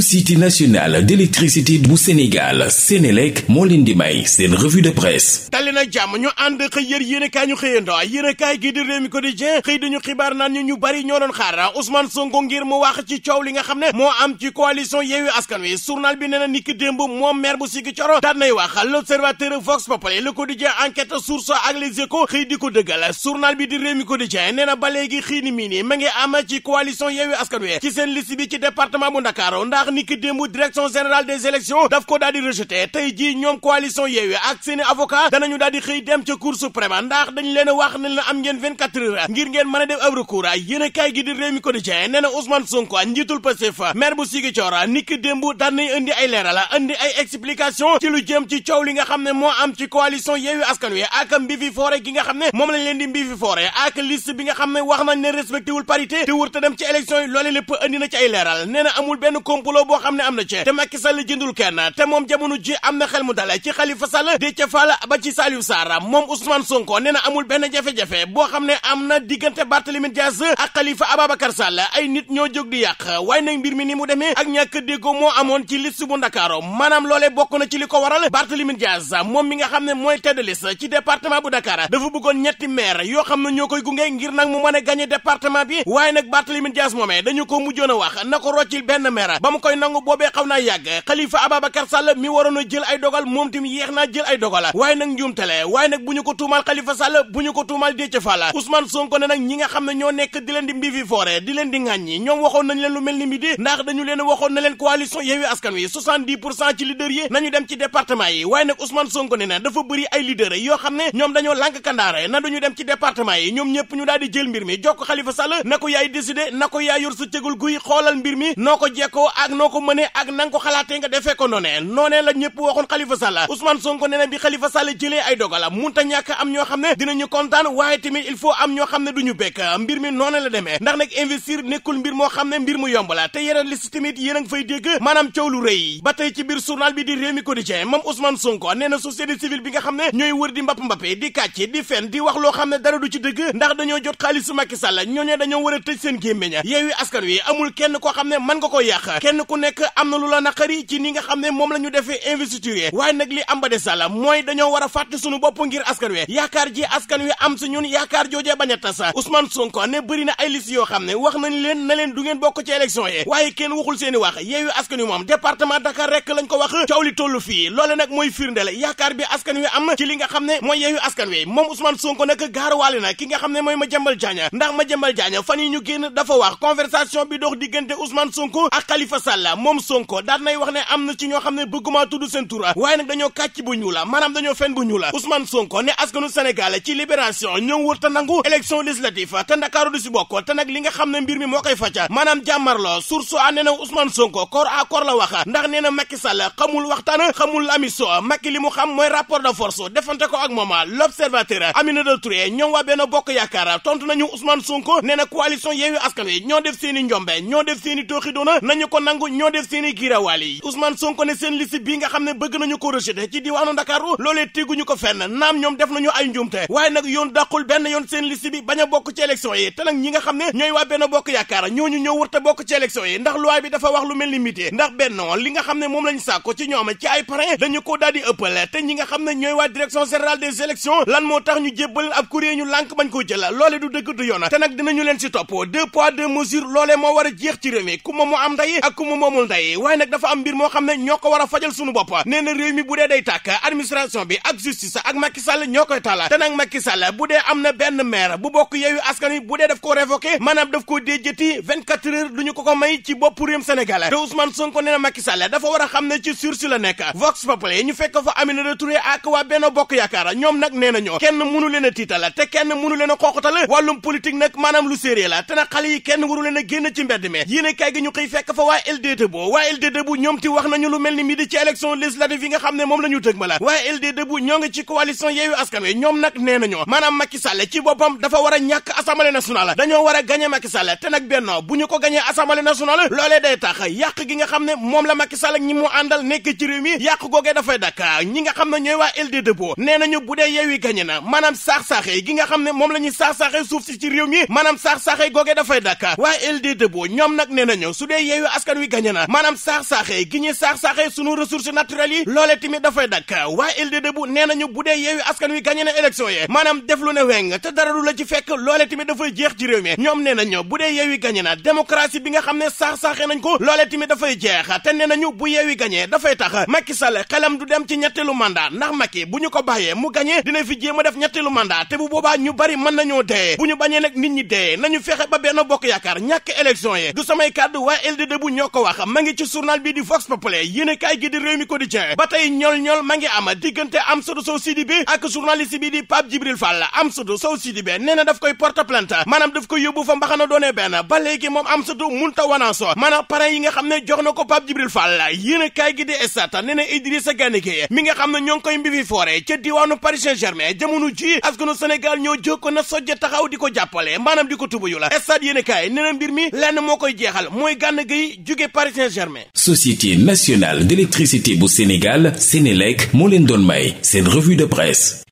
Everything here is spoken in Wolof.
société nationale d'électricité bu Sénégal Sénélec moo leen di may seen revue de presse dali nag jàmm ñu ànd xëy yër yéen kaay ñu xëyandoo yéen gi di Rewmi Quotidien xëy dañu xibaar naan ñu ñu bari ñoo doon xaar Ousmane Sonko ngir mu wax ci coow li nga xam ne moo am ci coalition Yewwi Askan Wi journal bi nee na niki démb moom maire bu Ziguinchor daan nay wax L'Observateur Vox Populi Le Quotidien Enquête Source A ak Les Échos ko dëggal journal ndax ni ki démb direction générale des élections daf ko daal di rejeté tey jii ñoom coalition Yewwi ak seeni avocat danañu daal di xëy dem ca cour suprême ndax dañ leen a wax ne leen am ngeen 24 heures ngir ngeen mën a def ab recours yéen a kaay gi di Rewmi Quotidien nee na Ousmane Sonko njiitul Pastef maire bu Ziguinchor ni ki démb daan nañ indi ay leeral indi ay explication ci lu jëm ci coow li nga xam ne moo am ci coalition Yewwi Askan Wi ak mbifi nga xam ne moom lañ leen di mbifi nga xam ne wax nañ ne respecté wul parité te wurta dem ci élection na ci ay leeral nee na amul complot boo xam ne am na ci te Macky Sall jëndul kenn te moom jamono ji am na xel mu dale ci Khalifa Sall Déthié Fall ba ci Saliou Sarr moom Ousmane Sonko nee na amul benn jafe-jafe boo xam ne am na diggante Barthélémy Dias ak Khalifa Ababacar Sall ay nit ñoo jóg di yàq waaye nag mbir mi ni mu demee ak ñàkk déggoo moo amoon ci liste bu Ndakaaru maanaam loolee bokk na ci li ko waral Barthélémy Dias moom nga xam ne mooy tête de bu Dakar dafa bëggoon ñetti maire yoo xam ne ñoo koy gunge ngir nag mu département bi waaye nag Barthélémy Dias moomee dañu ko mujjoon a wax na ko roccil benn maire mu koy nangu boobee xaw naa yàgg Khalifa Ababacar Sall mi waroon a jël ay dogal moom tim yéex naa jël ay dogal waaye nag njuumtale waaye nag bu ñu ko tuumal Khalifa Sall bu ñu ko tuumal Déthié Fall Ousmane Sonko ne nag ñi nga xam ne ñoo nekk di leen di mbi fi foore di leen di ŋàññi ñoom waxoon nañ leen lu mel ni midi ndax dañu leen waxoon na leen coalition Yewwi Askan Wi 70 pour cent ci ci département yi na dafa dem ci département yi ñoom ñëpp ak noo ko mënee ak na ko xalaatee nga defee ko noonee noonee la ñëpp waxoon Khalifa Sall Ousmane Sonko nee na bi Khalifa Sall jëlee ay dogala munta ñàkk am ñoo xam ne dinañu kontaan waaye tamit il faut am ñoo xam ne duñu bekk mbir mi noonee la demee ndax nag investir nekkul mbir moo xam ne mbir mu yomb la te yeneen liste tamit yéen a ngi fay dégg maanaam coow lu rëy ba tey ci biir journal bi di Rewmi Quotidien moom Ousmane Sonko nee na société civile bi nga xam ne ñooy wër di mbapp mbappe di kàcc loo xam ne dara du ci dëgg ndax dañoo jot xaalisu Macky Sall ñooñu dañoo war a seen gémmiñ yeewi askan wi amul kenn koo xam ne mën nga ko yàq kenn ku nekk am na lu la naqari ci ni nga xam ne moom la ñu defee investiture yi waaye nag li am ba des la mooy dañoo war a fàtte suñu bopp ngir askan wi yaakaar ji askan wi am si ñun yaakaar joojee bañ a tas Ousmane Sonko ne bëri na ay liste yoo xam ne wax nañ leen na leen du ngeen bokk ci élection yi waaye kenn waxul seen i wax yeewu askan wi moom département Dakar rek lañ ko wax coow li tollu fii loole nag mooy firnde la yaakaar bi askan wi am ci li nga ne mooy yeewu askan wi moom Ousmane Sonko nag gaaruwaale na ki nga xam ne mooy Madiambal Diagne ndax Madiambal Diagne fan yi ñu génn dafa bi dox diggante Ousmane Sonko ak Khalifa Sall moom Sonko daan nay wax ne am na ci ñoo xam ne bëgguma tudd seen tur waaye nag dañoo kàcc bu ñuula maanaam dañoo fen bu ñuula Ousmane Sonko ne askanu Sénégal ci libération ñoo wër te nangu élection législative te du si bokk te nga xam ne mbir mi moo koy faca maanaam jàmmarloo surso a nee na Ousmane Sonko corps à corps la wax ndax nee na Macky Sall xamul waxtaan xamul amiso Macky li mu xam mooy rapport de force defante ko ak mooma l'observateur Aminata Touré ñoom waa benn bokk yaakaar tontu nañu Ousmane Sonko nee na coalition Yewwi Askan Wi ñoo def seen i njombe ñoo def seen i tooxi nangu ñoo def seen i giirawaal yi Ousmane Sonko ne seen liste bi nga xam ne bëgg nañu benn yoon seen a bokk ci élection yi te nag bokk ci élection yi ndax loi bi dafa wax lu mel limité ndax benn li nga xam ne moom lañ sàkko ci ñoom ci ay parrain dañu ko daal ëppale te ñi nga xam ne ñooy waa direction générale des élections lan moo tax ñu jébbal ab courrier lànk bañ ko jëla loole du dëgg du yoon te nag dinañu leen ci topp deux poids deux mesures loole moo war a jeex ci réew mi mu am ndey mu moomul ndey waaye nag dafa am mbir moo xam ne ñoo ko a fajal sunu bopp nee na réew mi bu dee day tàkk administration bi ak justice ak Macky Sall ñoo koy te nag Macky Sall bu dee am na benn maire bu bokk yeeyu askan bu dee daf koo révoqué maanaam daf koo déjjati 24 heures du ñu ko ko ci bopp réewum Sénégal te Ousmane Sonko nee na Macky Sall dafa war xam ne ci sursis la nekk Vox Populi ñu fekk fa Aminata Touré ak waa Benno Bokk Yaakaar ñoom nag LD Debout waa LD Debout ñoom ti wax nañu lu mel ni mi di ci élection législative yi nga xam ne moom la ñu tëg ma la waa LD Debout ñoo ngi ci coalition Yewwi Askan Wi ñoom nag nee nañu maanaam Macky Sall ci boppam dafa war a ñàkk assemblée nationale dañoo war a gagné Macky Sall te nag bennoo bu ñu ko gagné assemblée nationale loolee day tax yàq gi nga xam ne moom la Macky Sall ak ñi mu àndal nekk ci réew mi yàq googee dafay dakk ñi nga xam ne ñooy waa LD Debout nee nañu bu dee Yewwi gagné na maanaam saax-saaxe gi nga xam ne moom la ñuy saax-saaxe suuf si ci réew mi maanaam saax-saaxe googee dafay dakk waa LD Debout ñoom nag nee nañu su dee Yewwi askan wi gagné na maanaam saax-saaxe gi ñuy saax sunu ressources naturelles yi loolee tamit dafay dakk waa LD Debout nee nañu bu dee Yewwi askan wi gagné na élection yi maanaam def lu ne weng te dara du la ci fekk loolee tamit dafay jeex ci réew mi ñoom nee nañu bu dee yeewi gañe na démocratie bi nga xam ne saax-saaxee nañ ko loolee tamit dafay jeex te nee nañu bu yeewi gañee dafay tax Macky Sall xelam du dem ci ñetteelu mandat ndax Macky bu ñu ko bàyyee mu gañee dina fi jéem a def ñetteelu mandat te bu boobaa ñu bari mën nañoo dee bu ñu bañee nag nit ñi dee nañu fexe ba benn bokk yaakaar ñàkk élection yi du samay kàddu waa LD bu ñoo ko wax ma ngi ci journal bi di Vox Populi yéene kaay gi di Rewmi Quotidien ba tey ñool-ñool ma ngi am diggante Amsatou Sow Sidibé ak journaliste bi di Pape Djibril Fall Amsatou Sow Sidibé na daf koy porte porte plainte maanaam daf ko yóbbu fa mbaxana doonee benn ba léegi moom am satu munta wanaaso maanaam parrain yi nga xam ne jox na ko Pape Djibril Fall yéen a kaay gi di Stades nee na Idrissa Gana Gueye mi nga xam ne ñoo ngi koy mbifi foore ca diwaanu Paris Saint-Germain jamono ji askanu Sénégal ñoo jóg ko na sojja taxaw di ko jàppale maanaam di ko tubayu la Stades yéen a kaay nee na mbir mi lenn moo koy jeexal mooy Gana Gueye jóge Paris Saint-Germain Société nationale d'électricité bu Sénégal Sénélec moo leen doon may seen revue de presse